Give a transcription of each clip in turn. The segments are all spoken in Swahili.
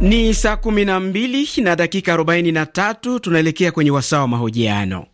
Ni saa 12 na dakika 43, tunaelekea kwenye wasaa wa mahojiano.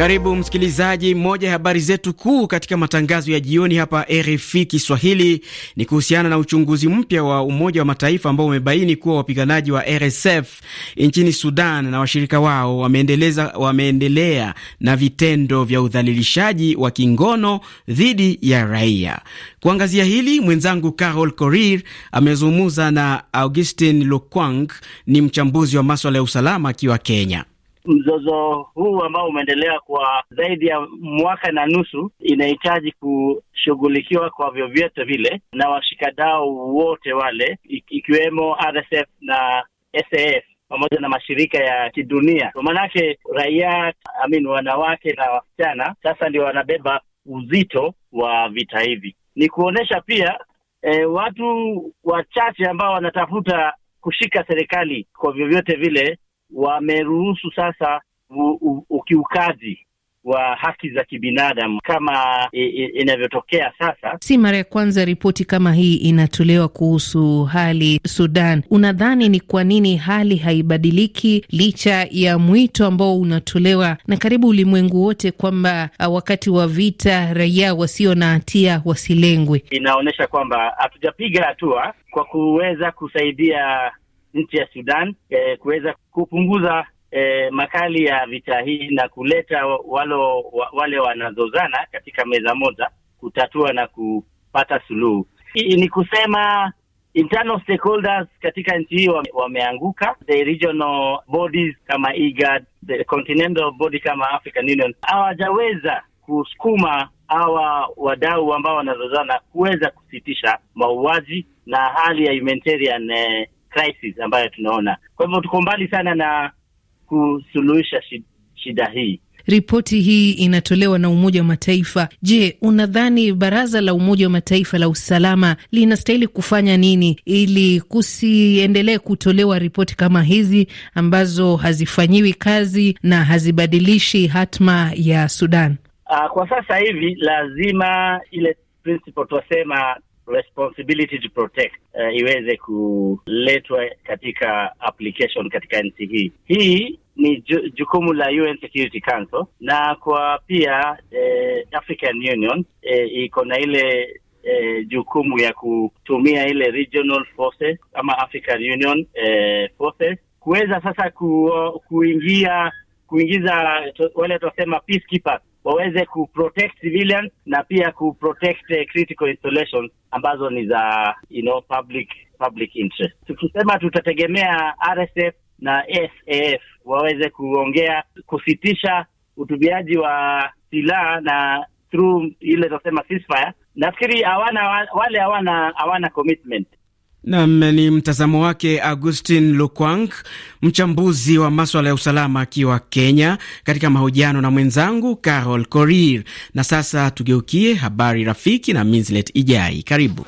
Karibu msikilizaji. Moja ya habari zetu kuu katika matangazo ya jioni hapa RFI Kiswahili ni kuhusiana na uchunguzi mpya wa Umoja wa Mataifa ambao umebaini kuwa wapiganaji wa RSF nchini Sudan na washirika wao wameendeleza wameendelea na vitendo vya udhalilishaji wa kingono dhidi ya raia. Kuangazia hili, mwenzangu Carol Korir amezungumza na Augustin lukwang ni mchambuzi wa maswala ya usalama akiwa Kenya. Mzozo huu ambao umeendelea kwa zaidi ya mwaka na nusu inahitaji kushughulikiwa kwa vyovyote vile na washikadao wote wale, ikiwemo RSF na SAF pamoja na mashirika ya kidunia, kwa maanake raia amin, wanawake na wasichana sasa ndio wanabeba uzito wa vita hivi. Ni kuonyesha pia e, watu wachache ambao wanatafuta kushika serikali kwa vyovyote vile wameruhusu sasa ukiukaji wa haki za kibinadamu kama e, e, inavyotokea sasa. Si mara ya kwanza ripoti kama hii inatolewa kuhusu hali Sudan. Unadhani ni kwa nini hali haibadiliki licha ya mwito ambao unatolewa na karibu ulimwengu wote kwamba wakati wa vita raia wasio na hatia wasilengwe? Inaonyesha kwamba hatujapiga hatua kwa kuweza kusaidia nchi ya Sudan eh, kuweza kupunguza eh, makali ya vita hii na kuleta walo, wale wanazozana katika meza moja kutatua na kupata suluhu. Hii ni kusema internal stakeholders katika nchi hii wameanguka, the regional bodies kama IGAD, the continental body kama African Union hawajaweza kusukuma hawa wadau ambao wanazozana kuweza kusitisha mauaji na hali ya humanitarian eh, crisis ambayo tunaona. Kwa hivyo tuko mbali sana na kusuluhisha shida hii. Ripoti hii inatolewa na Umoja wa Mataifa. Je, unadhani baraza la Umoja wa Mataifa la usalama linastahili kufanya nini ili kusiendelee kutolewa ripoti kama hizi ambazo hazifanyiwi kazi na hazibadilishi hatma ya Sudan? Ah, kwa sasa hivi lazima ile principle responsibility to protect uh, iweze kuletwa katika application katika nchi e. hii. Hii ni ju jukumu la UN Security Council na kwa pia eh, African Union eh, iko na ile eh, jukumu ya kutumia ile regional forces ama African Union eh, forces kuweza sasa ku, kuingia kuingiza to, wale tunasema peacekeepers waweze kuprotect civilians na pia kuprotect eh, critical installations ambazo ni za you know, public public interest. Tukisema tutategemea RSF na SAF waweze kuongea kusitisha utumiaji wa silaha na through ile tunasema ceasefire. Nafikiri hawana wale hawana hawana commitment Nam ni mtazamo wake Augustin Lukwang, mchambuzi wa maswala ya usalama akiwa Kenya, katika mahojiano na mwenzangu Carol Korir. Na sasa tugeukie habari rafiki na Minslet Ijai, karibu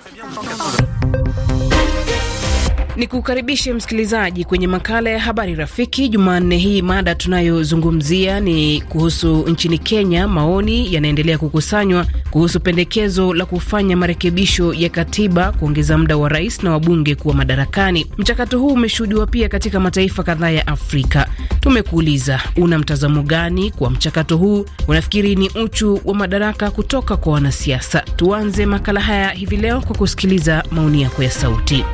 ni kukaribishe msikilizaji kwenye makala ya habari rafiki Jumanne hii. Mada tunayozungumzia ni kuhusu nchini Kenya, maoni yanaendelea kukusanywa kuhusu pendekezo la kufanya marekebisho ya katiba kuongeza muda wa rais na wabunge kuwa madarakani. Mchakato huu umeshuhudiwa pia katika mataifa kadhaa ya Afrika. Tumekuuliza, una mtazamo gani kwa mchakato huu? Unafikiri ni uchu wa madaraka kutoka kwa wanasiasa? Tuanze makala haya hivi leo kwa kusikiliza maoni yako ya sauti.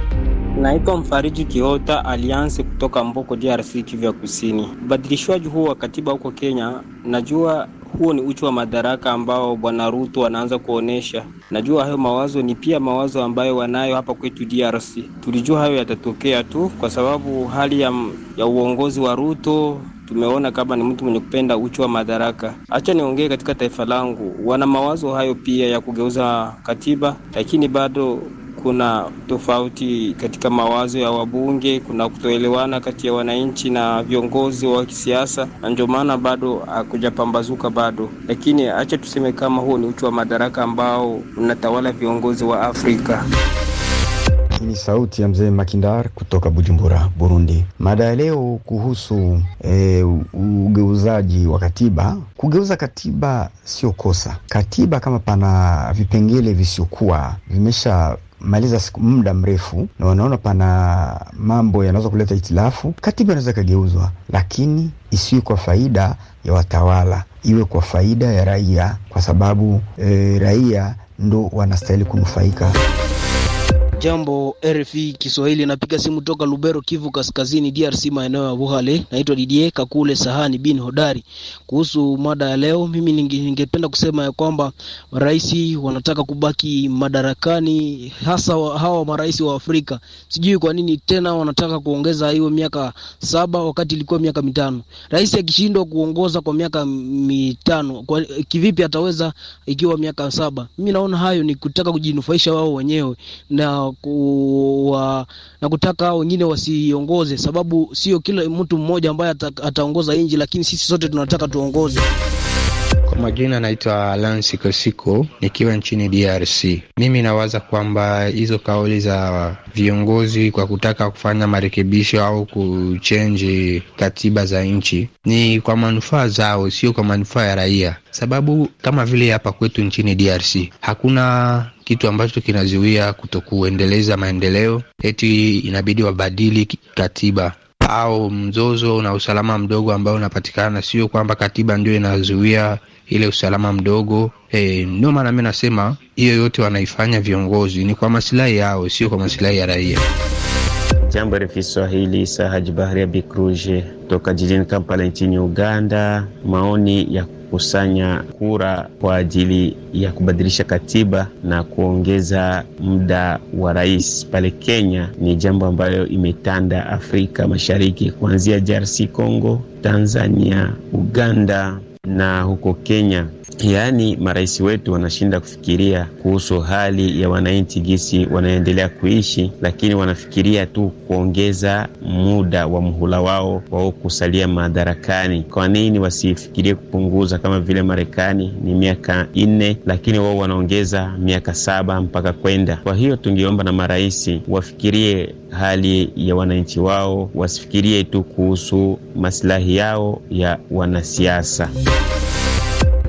Naitwa Mfariji Kiota Alianse kutoka Mboko, DRC, Kivu ya Kusini. Ubadilishwaji huo wa katiba huko Kenya, najua huo ni uchu wa madaraka ambao bwana Ruto anaanza kuonesha. Najua hayo mawazo ni pia mawazo ambayo wanayo hapa kwetu DRC. Tulijua hayo yatatokea tu, kwa sababu hali ya, ya uongozi wa Ruto tumeona kama ni mtu mwenye kupenda uchu wa madaraka. Acha niongee katika taifa langu, wana mawazo hayo pia ya kugeuza katiba, lakini bado kuna tofauti katika mawazo ya wabunge, kuna kutoelewana kati ya wananchi na viongozi wa kisiasa, na ndio maana bado hakujapambazuka bado. Lakini acha tuseme kama huo ni uchu wa madaraka ambao unatawala viongozi wa Afrika. Hii ni sauti ya mzee Makindar kutoka Bujumbura, Burundi. Mada ya leo kuhusu e, ugeuzaji wa katiba. Kugeuza katiba sio kosa. Katiba kama pana vipengele visiokuwa vimesha maliza muda mrefu na wanaona pana mambo yanaweza kuleta itilafu, katiba inaweza ikageuzwa, lakini isiwe kwa faida ya watawala, iwe kwa faida ya raia, kwa sababu e, raia ndo wanastahili kunufaika. Jambo RFI Kiswahili, napiga simu toka Lubero, Kivu Kaskazini, DRC, maeneo ya Buhale. Naitwa Didie Kakule Sahani bin Hodari. Kuhusu mada ya leo, mimi ningependa kusema ya kwamba marais wanataka kubaki madarakani, hasa wa, hawa marais wa Afrika. Sijui kwa nini tena wanataka kuongeza hiyo miaka saba wakati ilikuwa miaka mitano. Rais akishindwa kuongoza kwa miaka mitano, kwa kivipi ataweza ikiwa miaka saba? Mimi naona hayo ni kutaka kujinufaisha wao wenyewe na na, kuwa, na kutaka wengine wasiongoze, sababu sio kila mtu mmoja ambaye ataongoza nchi, lakini sisi sote tunataka tuongoze. Kwa majina anaitwa Alan Sikosiko, nikiwa nchini DRC. Mimi nawaza kwamba hizo kauli za viongozi kwa kutaka kufanya marekebisho au kuchenji katiba za nchi ni kwa manufaa zao, sio kwa manufaa ya raia, sababu kama vile hapa kwetu nchini DRC hakuna kitu ambacho kinazuia kutokuendeleza maendeleo, eti inabidi wabadili katiba au mzozo na usalama mdogo ambao unapatikana, sio kwamba katiba ndio inazuia ile usalama mdogo e, ndio maana mi nasema hiyo yote wanaifanya viongozi ni kwa masilahi yao, sio kwa masilahi ya raia. Jambo refu Kiswahili, Sahaji Bahari ya Bikruje toka jijini Kampala nchini Uganda. Maoni ya kukusanya kura kwa ajili ya kubadilisha katiba na kuongeza muda wa rais pale Kenya ni jambo ambayo imetanda Afrika Mashariki, kuanzia DRC Congo, Tanzania, Uganda na huko Kenya. Yaani, marais wetu wanashinda kufikiria kuhusu hali ya wananchi gisi wanaendelea kuishi, lakini wanafikiria tu kuongeza muda wa mhula wao wao kusalia madarakani. Kwa nini wasifikirie kupunguza? Kama vile Marekani ni miaka nne, lakini wao wanaongeza miaka saba mpaka kwenda. Kwa hiyo tungeomba na marais wafikirie hali ya wananchi wao, wasifikirie tu kuhusu masilahi yao ya wanasiasa.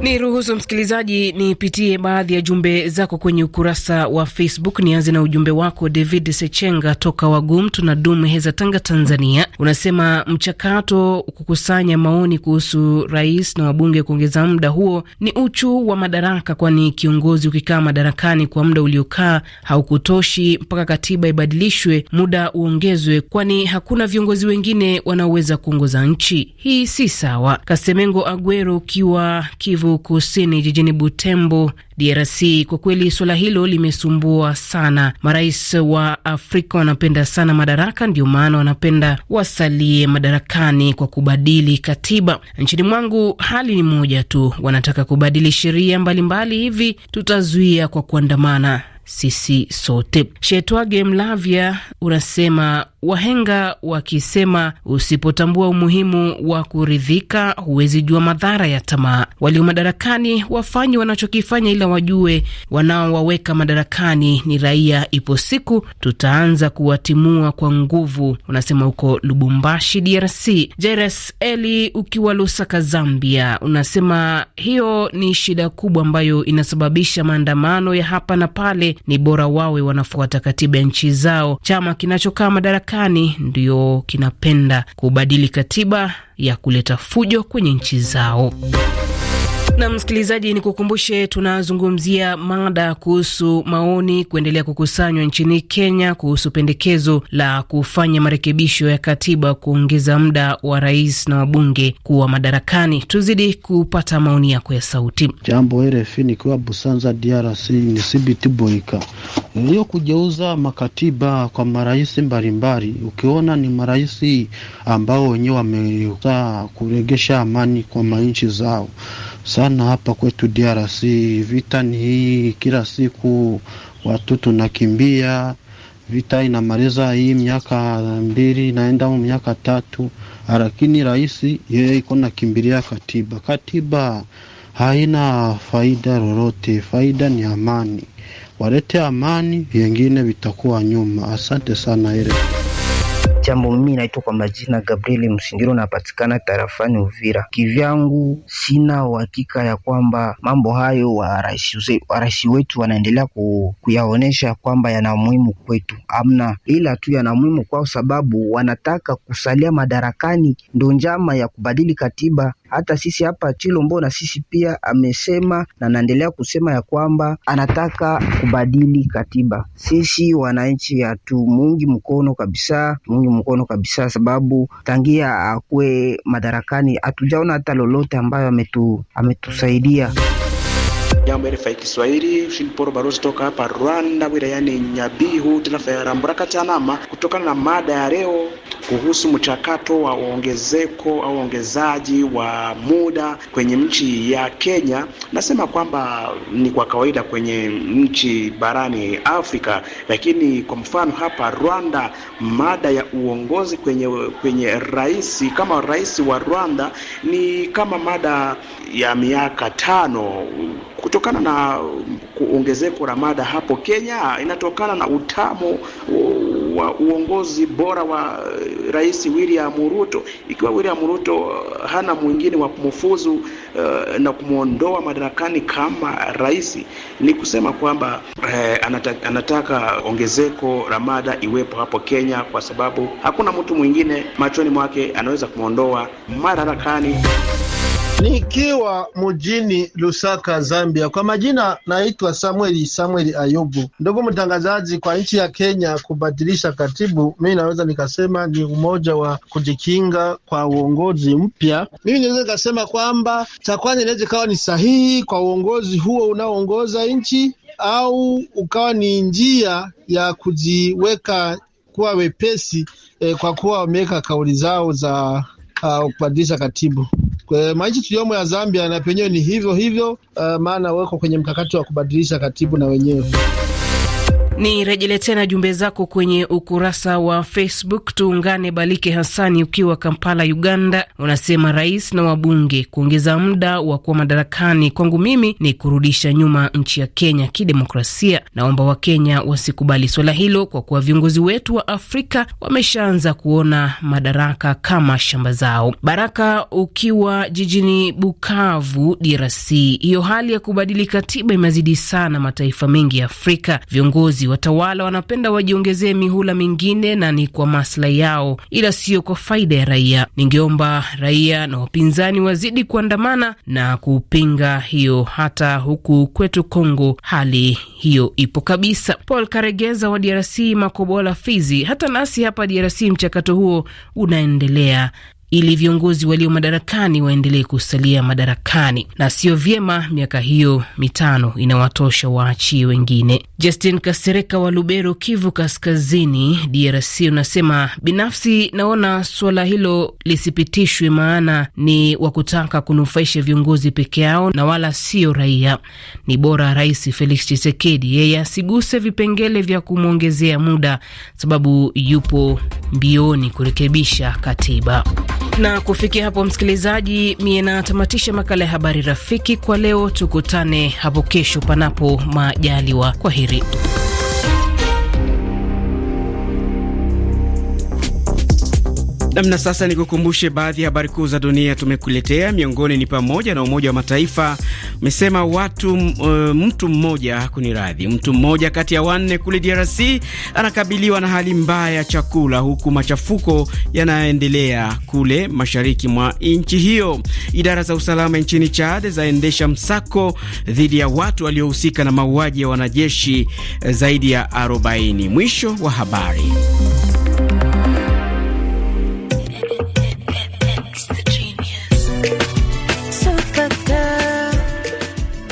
Ni ruhusu msikilizaji, nipitie baadhi ya jumbe zako kwenye ukurasa wa Facebook. Nianze na ujumbe wako David Sechenga toka Wagum tuna dum Heza, Tanga, Tanzania. Unasema mchakato kukusanya maoni kuhusu rais na wabunge kuongeza muda huo ni uchu wa madaraka, kwani kiongozi ukikaa madarakani kwa muda uliokaa haukutoshi mpaka katiba ibadilishwe, muda uongezwe, kwani hakuna viongozi wengine wanaoweza kuongoza nchi. Hii si sawa. Kasemengo Agwero ukiwa Kivu Kivu Kusini, jijini Butembo, DRC. Kwa kweli suala hilo limesumbua sana. Marais wa Afrika wanapenda sana madaraka, ndio maana wanapenda wasalie madarakani kwa kubadili katiba. Nchini mwangu hali ni moja tu, wanataka kubadili sheria mbalimbali hivi, tutazuia kwa kuandamana sisi sote. Shetwage Mlavya unasema wahenga wakisema usipotambua umuhimu wa kuridhika huwezi jua madhara ya tamaa. Walio madarakani wafanye wanachokifanya, ila wajue wanaowaweka madarakani ni raia. Ipo siku tutaanza kuwatimua kwa nguvu, unasema huko Lubumbashi, DRC. Jeres Eli ukiwa Lusaka, Zambia, unasema hiyo ni shida kubwa ambayo inasababisha maandamano ya hapa na pale. Ni bora wawe wanafuata katiba ya nchi zao. Chama kinachokaa madarakani madarakani ndio kinapenda kubadili katiba ya kuleta fujo kwenye nchi zao. Na msikilizaji, ni kukumbushe tunazungumzia mada kuhusu maoni kuendelea kukusanywa nchini Kenya kuhusu pendekezo la kufanya marekebisho ya katiba kuongeza muda wa rais na wabunge kuwa madarakani. Tuzidi kupata maoni yako ya sauti. Jambo RFI, nikiwa Busanza DRC, ni CBT Boika. Hiyo kujeuza makatiba kwa marais mbalimbali, ukiona ni marais ambao wenyewe wameuza kuregesha amani kwa manchi zao sana hapa kwetu DRC. Vita ni hii, kila siku watu tunakimbia vita, inamaliza hii miaka mbili naenda mu miaka tatu, lakini rais yeye iko nakimbilia katiba. Katiba haina faida lolote, faida ni amani. Walete amani, vyengine vitakuwa nyuma. Asante sana Ere. Jambo, mimi naitwa kwa majina Gabriel Msindiro, napatikana tarafani Uvira. Kivyangu sina uhakika ya kwamba mambo hayo warashi wetu wanaendelea ku, kuyaonyesha kwamba yana muhimu kwetu, amna, ila tu yana muhimu kwa sababu wanataka kusalia madarakani, ndo njama ya kubadili katiba hata sisi hapa Chilombo, na sisi pia amesema na naendelea kusema ya kwamba anataka kubadili katiba. Sisi wananchi hatumuungi mkono kabisa, mungi mkono kabisa, sababu tangia akuwe madarakani hatujaona hata lolote ambayo ametu, ametusaidia. Jambo RFI Kiswahili, ushindi poro toka hapa Rwanda, wilayani Nyabihu, tarafa ya Ramburaka kutokana na mada ya leo kuhusu mchakato wa ongezeko au ongezaji wa muda kwenye nchi ya Kenya. Nasema kwamba ni kwa kawaida kwenye nchi barani Afrika, lakini kwa mfano hapa Rwanda, mada ya uongozi kwenye kwenye rais kama rais wa Rwanda ni kama mada ya miaka tano kutokana na ongezeko la mada hapo Kenya, inatokana na utamu wa uongozi bora wa eh, Rais William Ruto. Ikiwa William Ruto eh, hana mwingine wa kumfuzu uh, na kumwondoa madarakani kama rais, ni kusema kwamba eh, anataka, anataka ongezeko la mada iwepo hapo Kenya, kwa sababu hakuna mtu mwingine machoni mwake anaweza kumwondoa madarakani. Nikiwa mjini Lusaka, Zambia. Kwa majina naitwa Samueli Samueli Ayubu. Ndugu mtangazaji, kwa nchi ya Kenya kubadilisha katibu, mimi naweza nikasema ni umoja wa kujikinga kwa uongozi mpya. Mimi naweza nikasema kwamba cha kwanza inaweza ikawa ni sahihi kwa uongozi huo unaoongoza nchi, au ukawa ni njia ya kujiweka kuwa wepesi eh, kwa kuwa wameweka kauli zao za uh, kubadilisha katibu. Kwa maisha ya Zambia na penyewe ni hivyo hivyo, uh, maana weko kwenye mkakati wa kubadilisha katibu na wenyewe ni rejele tena jumbe zako kwenye ukurasa wa Facebook. Tuungane Balike Hasani ukiwa Kampala, Uganda, unasema rais na wabunge kuongeza muda wa kuwa madarakani kwangu mimi ni kurudisha nyuma nchi ya Kenya kidemokrasia. Naomba Wakenya wasikubali swala hilo kwa kuwa viongozi wetu wa Afrika wameshaanza kuona madaraka kama shamba zao. Baraka ukiwa jijini Bukavu, DRC, hiyo hali ya kubadili katiba imezidi sana mataifa mengi ya Afrika. Viongozi watawala wanapenda wajiongezee mihula mingine na ni kwa maslahi yao, ila sio kwa faida ya raia. Ningeomba raia na wapinzani wazidi kuandamana na kupinga hiyo, hata huku kwetu Kongo hali hiyo ipo kabisa. Paul Karegeza wa DRC, Makobola, Fizi. Hata nasi hapa DRC mchakato huo unaendelea ili viongozi walio madarakani waendelee kusalia madarakani, na sio vyema miaka hiyo mitano inawatosha, waachie wengine. Justin Kasereka wa Lubero, Kivu Kaskazini, DRC, unasema binafsi naona suala hilo lisipitishwe, maana ni wa kutaka kunufaisha viongozi peke yao na wala sio raia. Ni bora Rais Felix Tshisekedi yeye asiguse vipengele vya kumwongezea muda, sababu yupo mbioni kurekebisha katiba. Na kufikia hapo, msikilizaji, mie natamatisha makala ya habari rafiki kwa leo. Tukutane hapo kesho, panapo majaliwa. Kwa heri. Namna sasa, ni kukumbushe baadhi ya habari kuu za dunia tumekuletea. Miongoni ni pamoja na Umoja wa Mataifa umesema watu uh, mtu mmoja radhi mtu mmoja kati ya wanne kule DRC anakabiliwa na hali mbaya ya chakula, huku machafuko yanaendelea kule mashariki mwa nchi hiyo. Idara za usalama nchini Chad zaendesha msako dhidi ya watu waliohusika na mauaji ya wanajeshi eh, zaidi ya 40. Mwisho wa habari.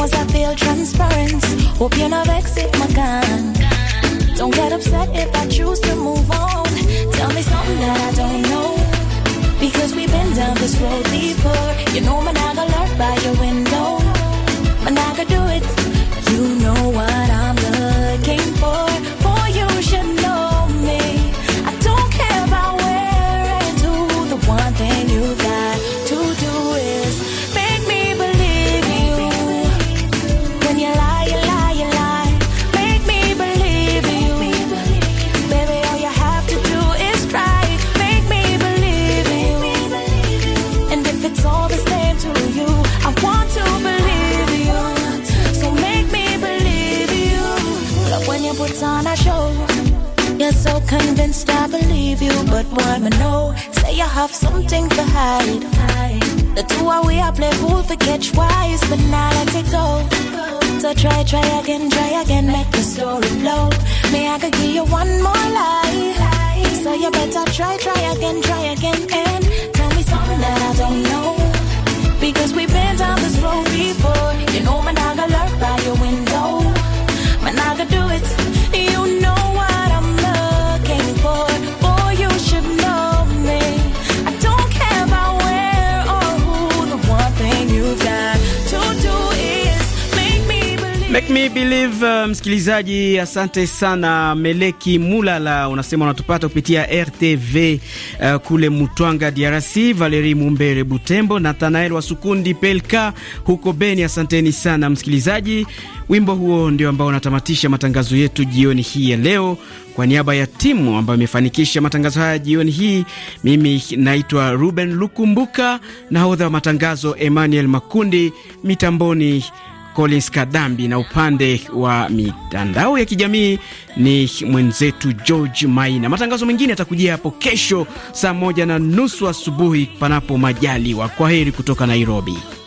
Was I feel transparent. Hope you're not vexed if my gun. Don't get upset if I choose to move on. Tell me something that I don't know. Because we've been down this road before. You know convinced I believe you, but want I know? Say you have something to hide. The two are we are play fool for catch wise, but now let it go. So try, try again, try again, make the story flow. May I could give you one more lie. So you better try, try again, try again, and tell me something that I don't know. Because we Me Believe uh, msikilizaji, asante sana Meleki Mulala, unasema unatupata kupitia RTV uh, kule Mutwanga DRC, Valeri Mumbere Butembo, Nathanael Wasukundi Pelka huko Beni. Asanteni sana msikilizaji, wimbo huo ndio ambao unatamatisha matangazo yetu jioni hii ya leo. Kwa niaba ya timu ambayo imefanikisha matangazo haya jioni hii, mimi naitwa Ruben Lukumbuka, nahodha wa matangazo Emmanuel Makundi, mitamboni Collins Kadambi, na upande wa mitandao ya kijamii ni mwenzetu George Maina. Matangazo mengine yatakujia hapo kesho saa moja na nusu asubuhi, panapo majaliwa. Kwa heri kutoka Nairobi.